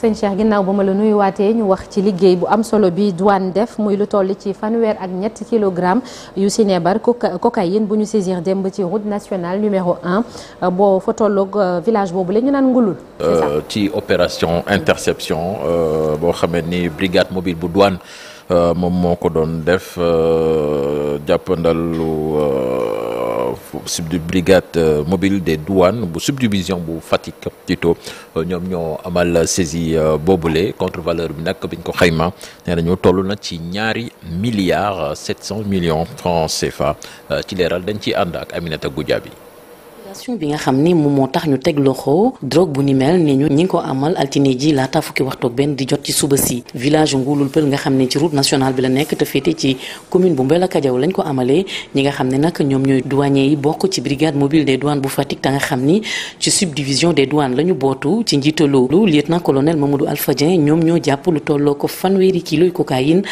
sëñ Cheikh ginnaaw ba la nuy nuyuwaatee ñu wax ci liggéey bu am solo bi douane def muy lu toll ci fanweer ak ñetti kilogramme yu sinébar cocaïne bu ñu saisir démb ci route nationale numéro un euh, boo fa euh, village boobu la ñu naan ngulul euh, ci opération interception boo xamee ni brigade mobile bu douane moom moo ko doon def jàppandalu subdu brigade euh, mobile des douanes bu subdivision bu Fatick Tito euh, ñoom ñoo amal saisie euh, boobule contre-valeur bi nag biñ ko xayma nee ñu toll na ci ñaari milliards sept cent millions francs CFA ci leeral dañ ciy ànd ak Aminata Goudiaby opération bi nga xam ni moom moo tax ñu teg loxo drogue bu ni mel ne ñu ñi ngi ko amal altine ji laata fukki waxtu ak benn di jot ci suba si village Ngulul Pël nga xam ne ci route nationale bi la nekk te féete ci commune bu Mbella Kadiaw lañ ko amalee ñi nga xam ne nag ñoom ñooy douanier yi bokk ci brigade mobile des douanes bu Fatick te nga xam ni ci subdivision des douanes la ñu bootu ci njiitalu lieutenant colonel Mamadou Alpha Dieng ñoom ñoo jàpp lu tolloo ko fanweeri kiloy cocaïne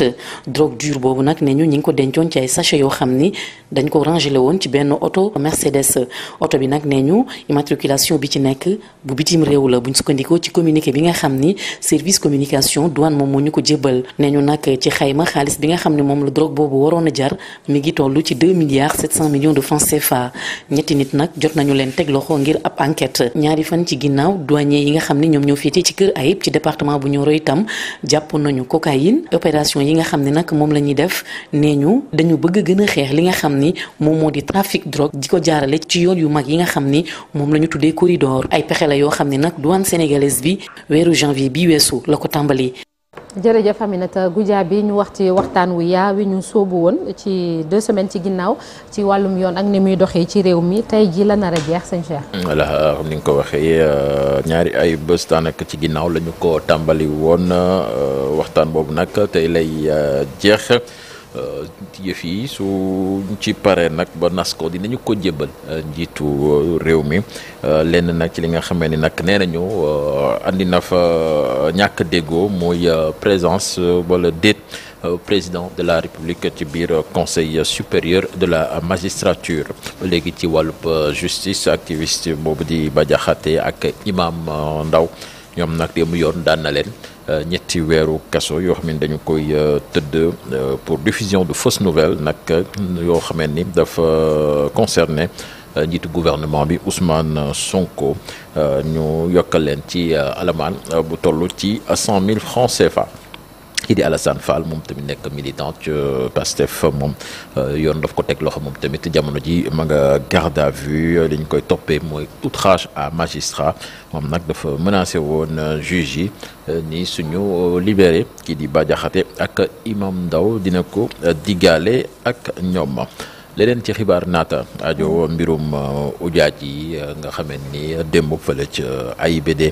ñett drogue dure boobu nag ne ñu ñi ngi ko dencoon yoo xam ni dañ ko rangélé woon ci benn oto Mercedes oto bi nag nee ñu immatriculation bi ci nekk bu bitim réew la buñ sukkandikoo ci communiqué bi nga xam ni service communication douane moom moo ñu ko jébbal ne ñu nag ci xayma xaalis bi nga xam ne moom la drogue boobu waroon a jar mi ngi toll ci 2 milliards 700 millions de francs CFA ñetti nit nag jot nañu leen teg loxo ngir ab enquête ñaari fan ci ginnaaw douanier yi nga xam ni ñoom ñoo féetee ci kër Ayib ci département bu Nioro itam jàpp nañu cocaïne yi nga xam ne nag moom la ñuy def nee ñu dañu bëgg gën a xeex li nga xam ni moom moo di trafic drogue di ko jaarale ci yoon yu mag yi nga xam ni moom la ñu tuddee corridor ay pexe la yoo xam ni nag douane sénégalaise bi weeru janvier bi weesu la ko tàmbali jërëjëf Aminata Goudia bi ñu wax ci waxtaan wu yaaw yi ñu sóobu woon ci deux semaines ci ginnaaw ci wàllum yoon ak ni muy doxee ci réew mi tey ji la nar a jeex sëñ Cheikh. voilà euh, ni nga ko waxee euh, ñaari ay bés daanaka ci ginnaaw lañu ko tàmbali woon euh, waxtaan boobu nag tey lay jeex. Euh, yëf yi su ci paree nag ba nas dinañu ko jébbal euh, njiitu euh, réew mi lenn nag ci li nga xamee ni nag nee nañu andi na fa ñàkk déggoo mooy présence wala déet président de la république ci biir conseil supérieur de la magistrature léegi ci wàllub justice activiste boobu di Bah ak imam ndaw ñoom nag démb yoon daan leen ñetti weeru kaso yoo xam ne dañu koy euh, tëdd euh, pour diffusion de fausses nouvelles nag yoo xam ni dafa concerné euh, njiitu gouvernement bi Ousmane Sonko ñu yokkal leen ci alamaan bu tollu ci cent mille francs CFA. kii di Alassane Fall moom tamit nekk militant ci euh, Pastef moom euh, yoon daf ko teg loxo moom tamit jamono ji ma nga garde à vue euh, li koy toppee mooy outrage à magistrat moom nag dafa menacé woon juge yi ni suñu libéré kii di Bah ak Imam Ndao dina ko diggaale ak ñoom leneen ci xibaar naata ajo mbirum ujaaj yi nga xamee ni démb fële ca AIBD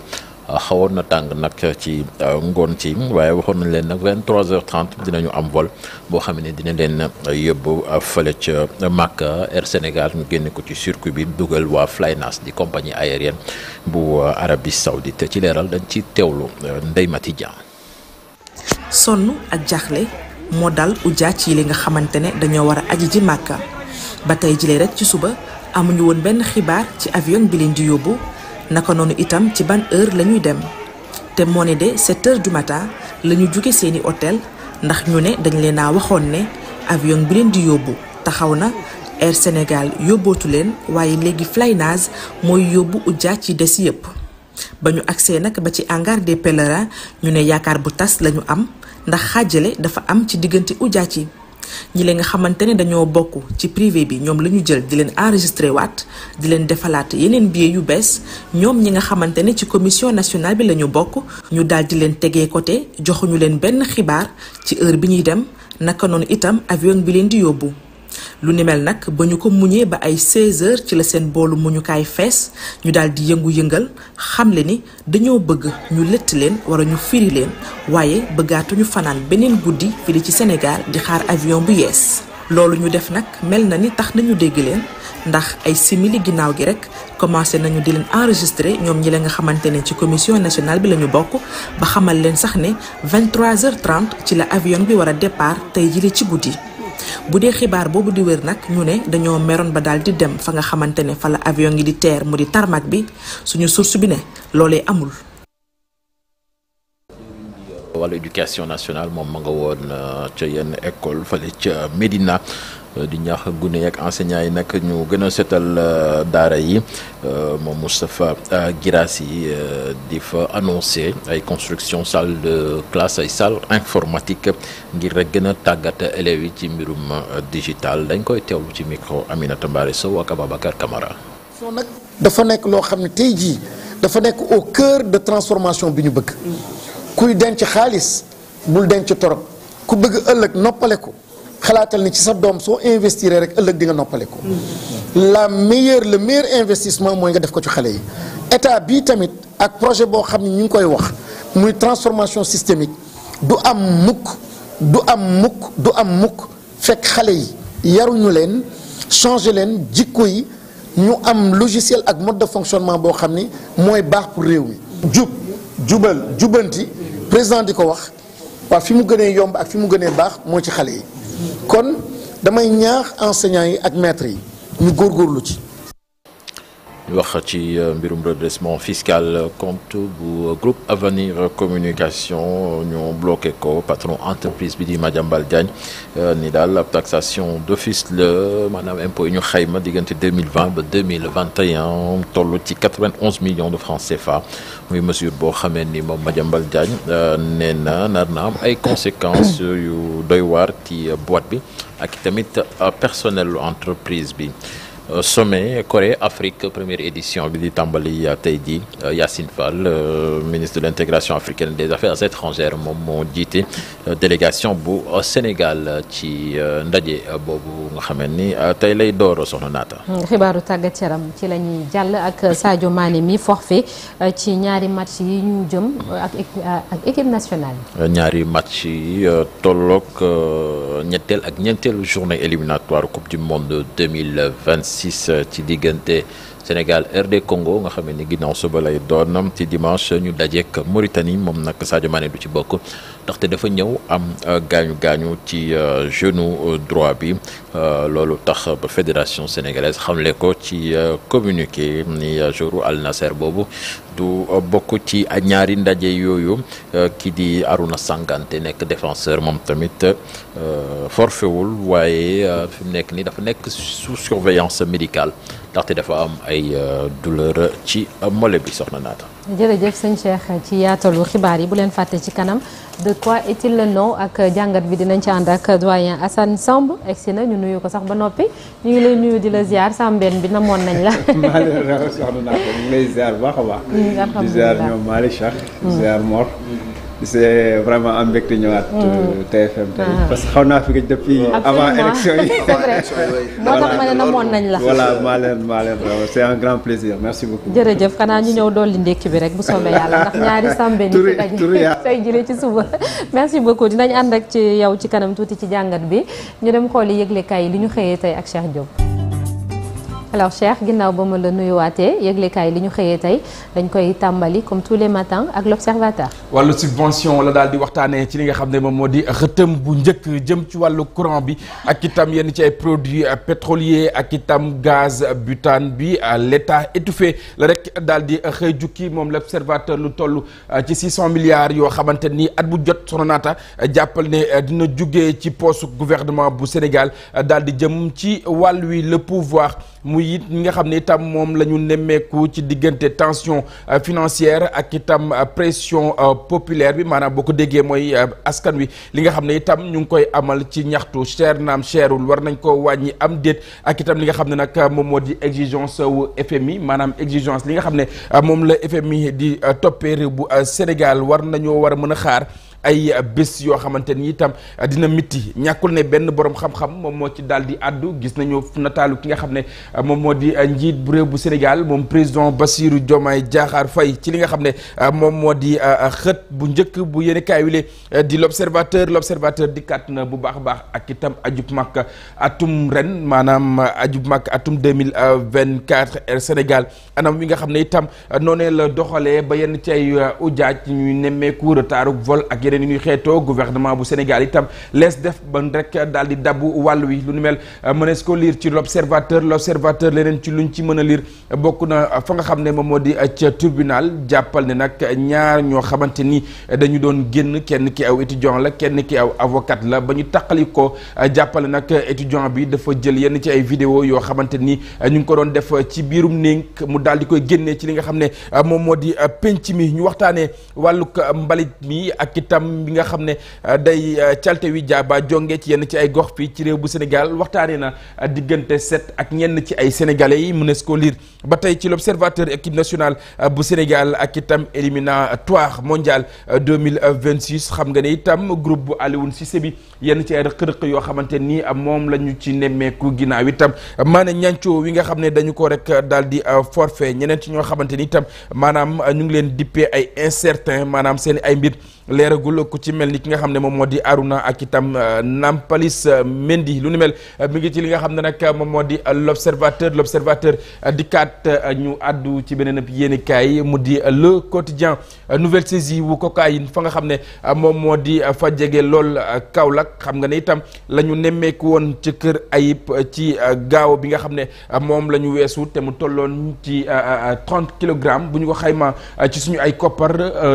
xawoon na tàng nag ci euh, ngoon ci waaye waxoon nañ leen nag 23h30 am vol boo xam ne dina leen yóbbu fële ca Makka Air Sénégal ñu génne ko ci circuit bi dugal waa Flynas di compagnie aérienne bu Arabie Saoudite ci leeral dañ ci teewlu euh, Ndeye Mati Dieng. sonn ak jaaxle moo daal ujaac yi li nga xamante ne dañoo war a aji ci Makka ba tey jile rek ci suba amuñu woon benn xibaar ci avion bi leen di yóbbu. naka noonu itam ci ban heure la ñuy dem te moo ne de 7 heures du matin la jóge seeni hôtel ndax ñu ne dañ leen a waxoon ne avion bi leen di yóbbu taxaw na Air Sénégal yóbbootu leen waaye léegi Flynas mooy yóbbu ujaa ci des yépp ba ñu agsee nag ba ci hangar de pèlerins ñu ne yaakaar bu tas lañu am ndax xaajale dafa am ci diggante ujaa ci ñi leen nga xamante ne dañoo bokk ci privé bi ñoom la ñu jël di leen enregistré waat di leen defalaat yeneen billets yu bees ñoom ñi nga xamante ne ci commission nationale bi la ñu bokk ñu daal di leen tegee côté joxuñu leen benn xibaar ci heure bi ñuy dem naka noonu itam avion bi leen di yóbbu lu ni mel nag ba ñu ko muñee ba ay 16 heures ci la seen boolu muñukaay fees ñu daal di yëngu-yëngal xamle ni dañoo bëgg ñu lëtt leen wara ñu firi leen waaye bëggaatuñu fanaan beneen guddi fii ci Sénégal di xaar avion bu yees. loolu ñu def nag mel na ni tax nañu dégg leen ndax ay simili ginnaaw gi rek commencé nañu di leen enregistre ñoom ñi la nga xamante ne ci commission nationale bi la ñu bokk ba xamal leen sax ne 23h30 ci la avion bi war a départ tey jile ci guddi. bu dee xibaar boobu di wér nag ñu ne dañoo meroon ba daal di dem fa nga xamante ne fa la avion ngi di teer mu di tarmac bi suñu source bi ne loolee amul. wàllu éducation nationale moom ma nga woon euh, ca yenn école fële ca Médina. di ñaax gune yi ak enseignants yi nag ñu gën a setal euh, daara yi euh, moom Moustapha euh, Guirassy di fa annoncé ay construction salle de classe ay salle informatique ngir rek gën a tàggat élèves yi ci mbirum digital dañ koy teew ci micro Aminata Mbaare Sow ak Ababacar Camara. soo nag dafa nekk loo xam ne tey jii dafa nekk au cœur de transformation bi ñu bëgg. kuy denc xaalis bul denc torop ku bëgg ëllëg noppale ko. xalaatal ni ci sa doom soo investir rek ëllëg di nga noppale ko la meilleure le meilleur investissement mooy nga def ko ci xale yi état bii tamit ak projet boo xam ne ñu ngi koy wax muy transformation systémique du am mukk du am mukk du am mukk fekk xale yi yaruñu leen changer leen jikko yi ñu am logiciel ak mode de fonctionnement boo xam ni mooy baax pour réew mi jub jubal jubanti président di ko wax waaw fi mu gënee yomb ak fi mu gënee baax moo ci xale yi kon damay ñaax enseignants yi ak maîtres yi ñu góorlu ci ñu wax ci euh, mbirum redressement fiscal euh, compte bu euh, groupe avenir communication ñu bloqué ko patron entreprise bi di Madiambal Diagne ni daal ab taxation d'office la maanaam impôt yi ñu xayma diggante 2020 ba 2021 toll ci 91 millions de francs CFA muy mesure boo xamee ni moom Madiambal Diagne neen na nar am ay conséquences yu doy waar ci boîte bi ak tamit personnel entreprise bi Euh, sommet Corée Afrique première édition bi di tàmbali euh, tey jii euh, Yacine Fall ministre de l'intégration africaine des affaires étrangères moom moo jiite délégation bu Sénégal ci ndaje boobu nga xamee ni tey lay door soxna naata hmm, xibaaru tàggat yaram ci la ñuy jàll ak Sadio Mané mi forfait ci ñaari match yi ñu jëm ak ak équipe nationale ñaari match yi tolloog ñetteel ak ñeenteelu journée éliminatoire coupe du monde 2026 six eh, ci diggante Sénégal RD Congo nga xam ne ginnaaw suba lay doon ci dimanche ñu dajeek Mauritanie moom nag Sadio Mané du ci bokk ndaxte dafa ñëw am euh, gaañu gaañu ci euh, genou euh, droit bi loolu tax ba fédération sénégalaise xamle ko ci communiqué ni jouru Al Nasser boobu du bokk ci ñaari ndaje yooyu ki di Aruna Sangante nekk défenseur moom tamit forfewul waaye fi mu nekk ni dafa nekk sous surveillance médicale ndaxte dafa am ay euh, douleur ci euh, mollet bi soxna naata. jërëjëf sëñ Cheikh ci yaatalu xibaar yi bu leen fàtte ci kanam de quoi est-il le nom ak jàngat bi dinañ ci ànd ak doyen assan Samb egsi na ñu nuyu ko sax ba noppi ñu ngi lay nuyu di la ziar sàmbeen bi namoon nañ la. maa ngi lay ziar soxna naata ñu ngi lay ziar bu baax a baax. Mm, di ziar ñoom Malick Cheikh. ziar c'est vraiment am mbégte ñëwaat. TFM euh, mm. tey ah. parce que xaw naa fi gëj depuis. avant élection yi moo tax ma ne namoon nañ la. voilà maa leen maa leen c'est un grand plaisir merci beaucoup. jërëjëf xanaa ñu ñëw dolli ndékki bi rek bu soobee yàlla ndax ñaari sàmbe ni ci daje say jëlee ci suba. merci beaucoup dinañ ànd ak ci yow ci kanam tuuti ci jàngat bi ñu dem xooli yëgle yi li ñu xëyee tey ak Cheikh Diop. alors Cheikh ginnaaw ba ma la nuyuwaatee yëglekaay li ñu xëyee tey dañ koy tàmbali comme tous les matins ak l'observateur la daal di waxtaanee ci li nga xam ne moom moo di xëtëm bu njëkk jëm ci wàllu courant bi ak itam yenn ci ay produits pétroliers ak itam gaz butane bi l'état étouffé la rek daal di xëy jukki moom l'observateur lu toll euh, ci 600 milliards yoo xamante ni at bu jot Sonata euh, jàppal ne euh, dina jugee ci poosu gouvernement bu Sénégal daal di jëm ci wàll wi le pouvoir it mi nga xam ne itam moom la ñu nemmeeku ci diggante tension euh, financière ak itam euh, pression euh, populaire bi maanaam boo ko déggee mooy askan wi li nga xam ne itam ñu ngi koy amal ci ñaxtu cher naam cherul war nañ koo wàññi am déet ak itam li nga xam ne nag moom moo di exigence wu FMI maanaam exigence li nga xam ne moom la FMI di toppee réew bu Sénégal war nañoo war a mën a xaar. ay bés yoo xamante ni itam dina mitti ñàkkul ne benn boroom xam-xam moom moo ci daal di addu gis nañu nataalu ki nga xam ne moom moo di njiit bu réew bu Sénégal moom président Bassirou Diomaye Diakhar Faye ci li nga xam ne ah, moom moo di ah, ah, xët bu njëkk bu yéene kaay wile di l'observateur l'observateur di katt na bu baax a baax ak itam ajub mag atum ren maanaam ajub mag atum 2024 Air Sénégal anam wi nga xam ne itam noonee la doxalee ba yenn ci ay ujaaj ñuy nemmeeku retardu vol ak yenn dañu ñuy xeetoo gouvernement bu Sénégal itam lees def ban rek daal di dabbu wàll wi lu nu mel euh, mënees ko lire ci l'observateur l'observateur leneen ci luñ ci mën a lire bokk na fa nga xam ne moom moo di euh, ca tribunal jàppal ne nag ñaar ñoo xamante ni dañu doon génn kenn ki aw étudiant la kenn ki aw avocat la ba ñu taqali ko euh, jàppale nag étudiant bi dafa jël yenn ci ay vidéo yoo xamante ni ñu ngi ko doon def ci biirum nénk mu daal di koy génnee ci li nga xam ne moom moo di penc mi ñu waxtaanee yaram nga xam ne euh, day euh, calte wi jaaba jonge ci yenn ci ay gox fii ci réew bu Sénégal waxtaanee na euh, diggante set ak ñenn ci ay sénégalais yi mënees ko lire ba tey ci l'observateur équipe nationale bu Sénégal ak itam éliminatoire mondial 2026 xam nga ne itam groupe bu Alioune Cissé bi yenn ci ay rëq-rëq yoo xamante nii am moom la ñu ci nemmeeku ginnaaw itam maanaam ñancoo wi nga xam ne dañu ko rek daal di forfait ñeneen ci ñoo xamante ni itam maanaam ñu ngi leen dippee ay incertain maanaam seen ay mbir leeragul ku ci mel ni ki nga xam ne moom moo di Aruna ak itam euh, Nampalis euh, Mendy lu nu mel euh, mi ngi ci li nga xam ne nag moom moo di l'observateur l'observateur di kat ñu àddu ci beneen ab yéenekaay mu di le quotidien nouvelle saisie wu cocaïne fa nga xam ne moom moo di fa jege lool Kaolack xam nga ne itam la ñu nemmeeku woon ci kër Ayib ci gaaw bi nga xam ne moom la ñu weesu te mu tolloon ci 30 kilogrammes bu ñu ko xayma ci suñu ay koppar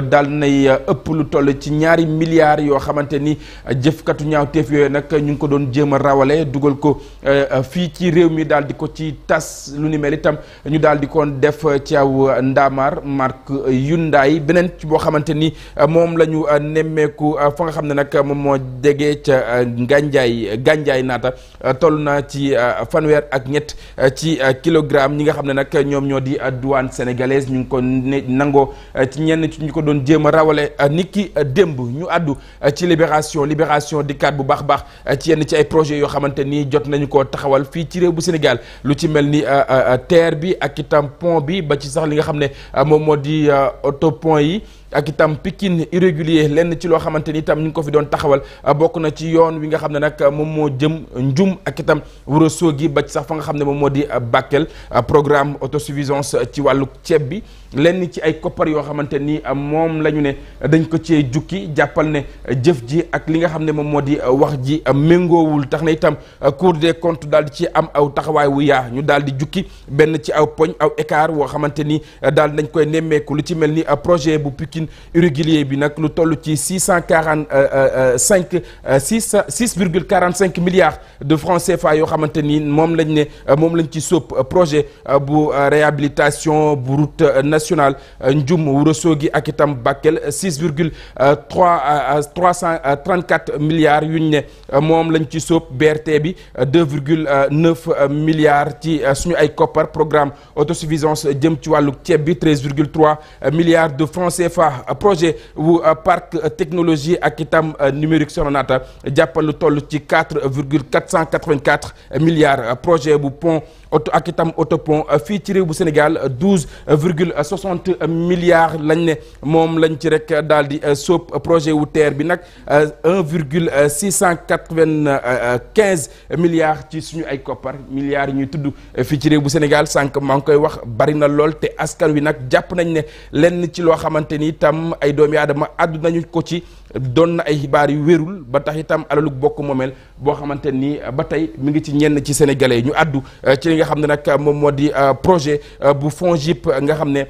daal nay ëpp toll ci ñaari milliards yoo xamante ni euh, jëfkatu ñaawteef yooyu nag ñu ngi ko doon jéem a rawale dugal ko euh, fii ci réew mi daal di ko ci tas lu ni mel itam ñu daal di koon def ci aw ndaamaar marque yundaay beneen ci boo xamante ni euh, moom la ñu nemmeeku fa nga xam ne nag moom moo degee ca Gandiaye Gandiaye naata toll na ci fanweer ak ñett ci kilogramme ñi nga xam ne nag ñoom ñoo di douane sénégalaise ñu ngi ko nangoo ci ñenn ci ñu ko doon jéem rawale nit ki Euh, démb ñu àddu euh, ci libération libération di kaat bu baax baax euh, ci yenn ci ay projets yoo xamante ni jot nañu ko taxawal fii ci réew bu Sénégal lu ci mel ni terre bi ak itam pont bi ba ci sax li nga xam ne moom moo di autopont yi ak itam pikin irrégulier lenn ci loo xamante ni itam ñu ngi ko fi doon taxawal ah, bokk na ci yoon wi nga xam ne nag moom moo jëm njum ak itam wuro gi ba sax fa nga xam ne moom moo di ah, Bakel ah, programme auto autosuffisance ci wàllu ceeb bi lenn ci ay koppar yoo xamante ni moom la ñu ne dañ ko cee jukki jàppal ne jëf ji ak li nga xam ne moom moo di wax ji méngoowul tax na itam Cour des comptes daal di ci am aw taxawaay wu yaa ñu daal di jukki benn ci aw poñ aw woo xamante ni daal dañ koy nemmeeku lu ci mel ni projet bu pikin Argentine uruguayen bi nag lu toll ci six cent quarante euh, euh, euh, cinq six six virgule quarante cinq milliards de francs CFA yoo xamante ni moom lañ ne moom lañ ci sopp projet bu réhabilitation bu route nationale Ndioum Ourossogui ak itam Bakel six virgule trois trois cent trente quatre milliards yuñ ne moom lañ ci sóob BRT bi deux virgule neuf milliards ci suñu ay koppar programme autosuffisance jëm ci wàllu ceeb bi treize milliards de francs CFA baax euh, projet wu euh, parc euh, technologie ak itam numérique Sononata jàppal toll ci quatre virgule quatre cent quatre-vingt-quatre milliards projet bu pont auto ak itam autopont fii ci réew bu Sénégal douze virgule soixante milliards lañ ne moom lañ ci rek daal di sóob projet wu TER bi nag un virgule six cent quatre-vingt-quinze milliards ci suñu ay koppar milliards yi ñuy tudd fii ci réew bu Sénégal sànq maa ngi koy wax bari na lool te askan wi nag jàpp nañ ne lenn ci loo xamante ni itam ay doom yaadama àddu nañu ko ci doon na ay xibaar yu wérul ba tax itam alalug bokk moomeel boo xamante nii ba tey mu ngi ci ñenn ci sénégalais yi ñu àddu euh, ci li nga xam ne nag moom moo di euh, projet euh, bu FONGIP nga xam ne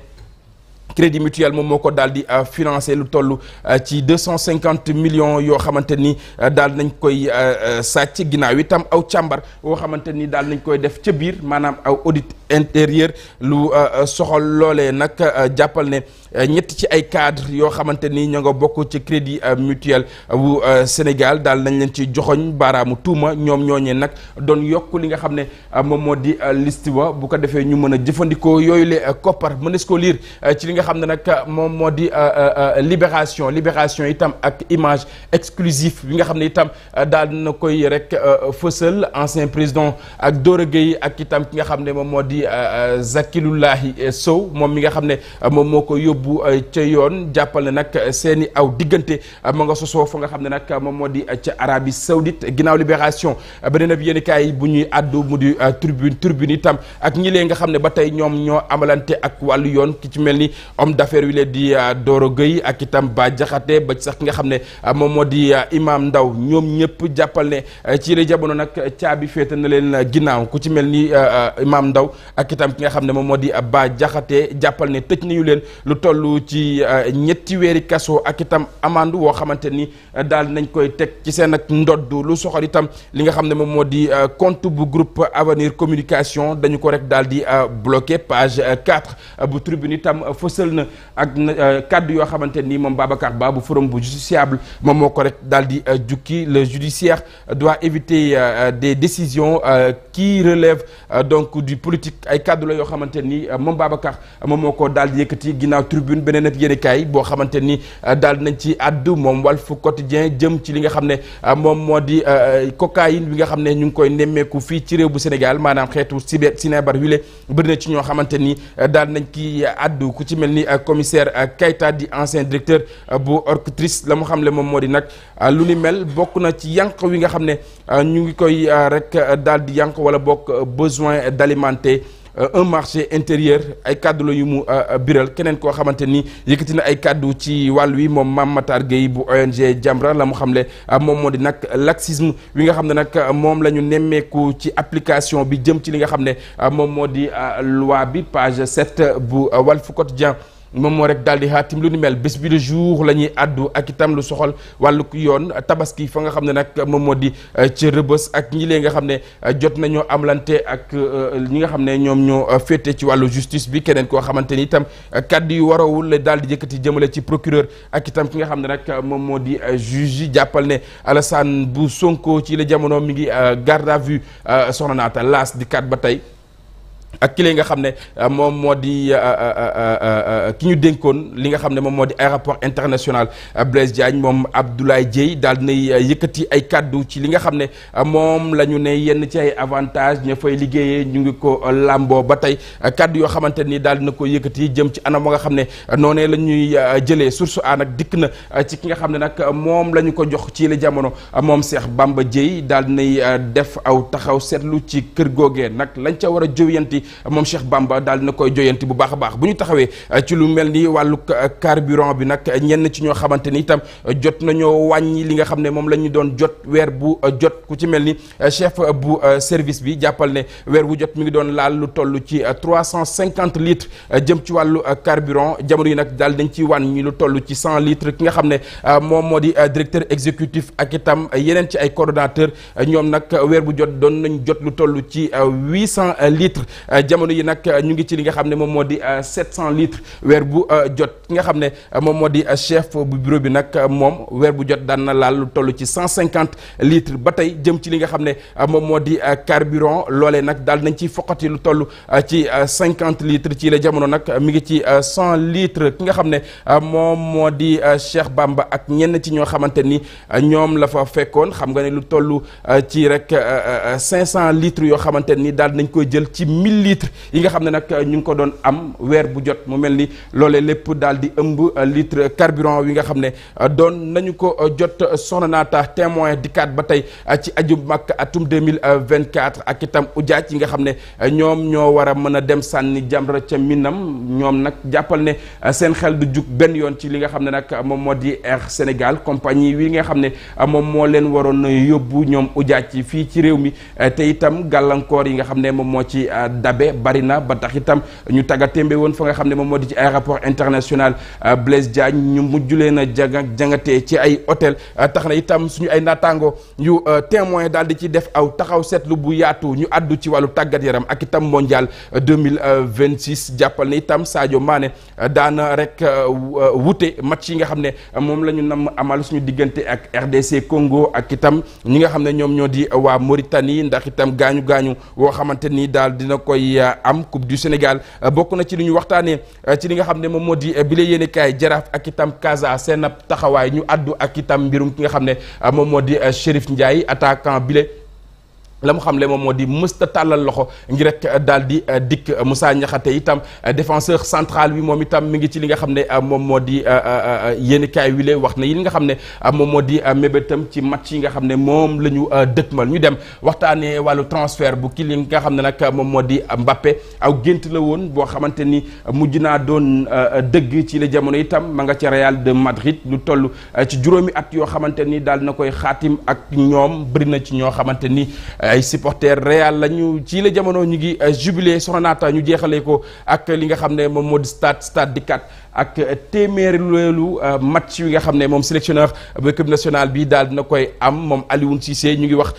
crédit mutuel moom moo ko daal di financé lu tollu ci deux cent cinquante millions yoo xamante nii daal nañ koy sàcc ginnaaw itam aw càmbar woo xamante ni daal nañ koy def ca biir maanaam aw audit intérieur lu soxal loole nag jàppal ne. Euh, ñett ci ay cadre yoo xamante ni ña nga bokk ci crédit euh, mutuel euh, bu Sénégal daal nañ leen ci joxoñ baaraamu tuuma ñoom ñooñee nag doon yokk li nga xam ne moom moo di liste wa bu ko defee ñu mën a jëfandikoo yooyu le koppar mënees ko liir ci li nga xam ne nag moom moo di libération libération itam ak image exclusive bi nga xam ne itam daal na koy rek fësal ancien président ak Dora Gueye ak itam ki nga xam ne moom moo di Zakiloullahi Sow moom mi nga xam ne moom moo ko yóbbu bu euh, ca yoon jàppale nag euh, seen i aw diggante euh, ma nga sosoo fa nga xam ne nag moom moo di ca Arabie Saoudite ginnaaw libération beneen ab yéenekaay bu ñuy àddu mu di tribune tribune itam ak ñi lee nga xam ne ba tey ñoom ñoo amalante ak wàllu yoon ki ci mel ni homme d'affaires yu leen di Doro Gueye ak itam ba Diakhaté ba sax ki nga xam ne moom moo di imaam ndaw ñoom ñëpp jàppal ne ci la jamono nag caabi féete na leen ginnaaw ku ci mel ni Imam Ndao ak itam ki nga xam ne moom moo di Bah Diakhaté jàppal ne toll ci euh, ñetti weeri kaso ak itam amande woo xamante ni euh, daal nañ koy teg ci seen ak ndodd lu soxal itam li nga xam ne moom moo di euh, compte bu groupe avenir communication dañu ko rek daal di bloqué page 4 bu tribune itam fësal na ak kàddu yoo xamante ni moom Babacar Ba bu forum bu justiciable moom moo ko rek daal di jukki le judiciaire doit éviter des décisions qui relève donc du politique ay kàddu yoo xamante ni moom Babacar moom moo ko daal di yëkkati tribune beneen ab yéenekaay boo xamante ni euh, daal nañ ci àddu moom Walf Quotidien jëm ci li nga xam ne euh, moom moo di euh, cocaïne bi nga xam ne ñu ngi koy nemmeeku fii ci réew bu Sénégal maanaam xeetu sibet sinébar wile bëri na ci ñoo xamante ni daal nañ ki àddu ku ci mel ni commissaire Keita di ancien directeur bu OCRTIS la mu xam le moom moo di nag lu ni bokk na ci yànq wi nga xam ne ñu ngi koy rek daal di yànq wala bokk besoin d'alimenter Euh, un marché intérieur ay kàddu la yu mu euh, euh, biral keneen koo xamante ni yëkkati na ay kàddu ci wàll wi moom Mame Matar Gueye bu ONG Jamra la mu xamle moom moo di nag laxisme wi nga xam ne nag moom la ñu nemmeeku ci application bi jëm ci li nga xam ne moom moo di loi bi page 7 bu Walf Quotidien moom moo rek daal di xaatim lu ni mel bés bi le jour la ñuy àddu ak itam lu soxal wàllu yoon tabaski fa nga xam ne nag moom moo di euh, ci rëbës ak ñi lee nga xam ne euh, jot nañoo amlante ak euh, ñi nga xam ne ñoom ñoo féete ci wàllu justice bi keneen koo xamante ni itam kàddu yu warawul la daal di yëkkati jëmale ci procureur ak itam ki nga xam ne nag moom moo di juge yi jàppal ne Alassane bu Sonko ci la jamono mi ngi garde à vue soxna naata laas di kat ba tey ak ki nga xam ne euh, moom moo di euh, euh, ki ñu dénkoon li nga xam ne moom moo di aéroport international Blaise Diagne moom Abdoulaye Dièye daal dinay yëkkati ay kàddu ci li nga xam ne moom la ñu ne yenn ci ay avantages ña fay liggéeyee ñu ngi ko làmboo ba tey kàddu yoo xamante ni daal dina ko yëkkati jëm ci anam ba nga xam ne noonee la ñuy jëlee source a nag dikk na ci ki nga xam ne nag moom la ñu ko jox ci la jamono moom Cheikh Bamba Dièye daal dinay def aw taxaw seetlu ci kër googee nag lañ ca war a jëwyanti moom Cheikh Bamba daal dina koy joyanti bu baax a baax bu ñu taxawee euh, ci lu mel ni wàllu euh, carburant bi nag euh, ñenn ci ñoo xamante ni itam jot nañoo wàññi li nga xam ne moom la ñu doon jot weer bu jot ku ci mel ni chef bu service bi jàppal ne weer bu jot mi ngi doon laal lu toll ci trois cent cinquante litres jëm ci wàllu carburant jamono yi nag daal dañ ci wàññi lu toll ci cent litres ki nga xam ne moom moo di directeur exécutif ak itam yeneen ci ay coordonnateur ñoom nag weer bu jot doon nañ jot lu toll ci huit cent litres Euh, jamono yi nag euh, ñu ngi ci li nga xam ne moom moo di 700 euh, litres weer bu jot ki nga xam ne moom moo di chef bu bureau bi nag moom weer bu jot daan na laal lu toll ci 150 litres ba tey jëm ci li nga xam ne moom moo di carburant loolee nag daal nañ ci foqati lu toll ci 50 litres ci la jamono nag mi ngi ci 100 litres ki nga xam ne moom moo di Cheikh Bamba ak ñenn ci ñoo xamante ni ñoom la fa fekkoon xam nga ne lu tollu ci rek 500 litres yoo xamante ni daal nañ koy jël ci 1000. mille litres yi nga xam ne nag ñu ngi ko doon am weer bu jot mu mel ni loolee lépp daal di ëmb euh, litre carburant yi nga xam ne euh, doon nañu ko euh, jot soxna naata témoin dikkaat ba tey ci aju mag atum 2024 ak itam ujaaj yi nga xam ne ñoom ñoo war a mën a dem sànni jamra ca minam ñoom nag jàppal ne seen xel du jug benn yoon ci li nga xam ne nag moom moo di Air Sénégal compagnie wi nga xam ne moom moo leen waroon yóbbu ñoom ujaaj yi fii ci réew mi te itam gàllankoor tabe bari na ba tax itam ñu tagga témbe woon fa nga xam ne moom moo di ci aéroport international euh, Blaise Diagne ñu mujj leen a jaga jangatee ci ay hôtel euh, tax na itam suñu ay naataango yu euh, témoin daal di ci def aw taxaw seetlu bu yaatu ñu àddu ci wàllu tàggat yaram ak itam mondial 2026 jàppal ne itam Sadio Mané daana rek wute match yi nga xam ne moom la ñu nam amal suñu diggante ak RDC kongo ak itam ñi nga xam ne ñoom ñoo di waa Mauritanie ndax itam gaañu gaañu woo xamante ni daal dina koy mooy euh, am coupe du Sénégal euh, bokk na ci li ñu waxtaanee euh, ci li nga xam ne moom moo di bile yéene kaay jaraaf ak itam Casa seen ab taxawaay ñu àddu ak itam mbirum ki nga xam ne moom moo di Chérif Ndiaye attaquant bile. la mu xam le moom moo di mësta tàllal loxo ngir rek euh, daal di euh, dikk euh, Moussa Niakhaté itam défenseur centrale bi moom itam mu ngi ci li nga xam ne moom moo di yéeni kaay wile wax na yi li nga xam ne moom moo di mébétam ci match yi nga xam ne moom la ñu dëkkmal ñu dem waxtaanee wàllu transfert bu kii li nga xam ne nag moom moo di Mbappé aw gént la woon boo xamante ni mujj naa doon dëgg ci la jamono itam ma nga ci Real de Madrid lu toll ci juróomi at yoo xamante ni daal na koy xaatim ak ñoom bëri na ci ñoo xamante ni ay supporters Real lañu ci la jamono ñu ngi euh, jubilé Soxna Naata ñu jeexalee ko ak li nga xam ne moom moo di stade stade di kat ak euh, téeméeri loolu euh, match yu nga xam ne moom sélectionneur bu euh, équipe nationale bi daal dina koy am moom Alioune Cissé ñu ngi wax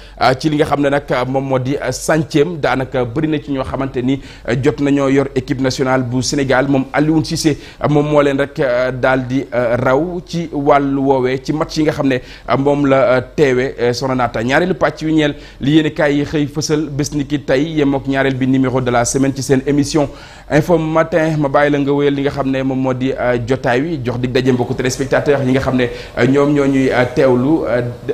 ci li nga xam ne nag moom moo di centième daanaka bëri na ci ñoo xamante ni jot nañoo yor équipe nationale bu Sénégal moom Alioune Cissé moom moo leen rek daal di raw ci wàllu woowee ci match yi nga xam ne moom la teewe soxna naata ñaareelu pàcc yu ñeel li yéen kaay yi xëy fësal bés ni ki tey yemook ñaareel bi numéro de la semaine ci seen émission info li nga di euh, jotaay wi jox dig daje mbokku téléspectateur yi nga xam ne euh, ñoom ñoo ñuy euh, teewlu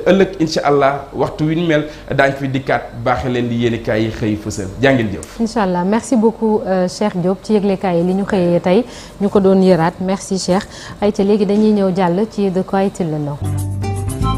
ëllëg incha allah waxtu wi ñu mel daañu fi dikkaat baaxee leen di yéenekaay yi xëy fësal jàngil jëf. incha allah merci beaucoup Cheikh Diop ci yëglekaay yi li ñu xëyee tey ñu ko doon yëraat merci Cheikh ayca léegi dañuy ñëw jàll ci de quoi est-il le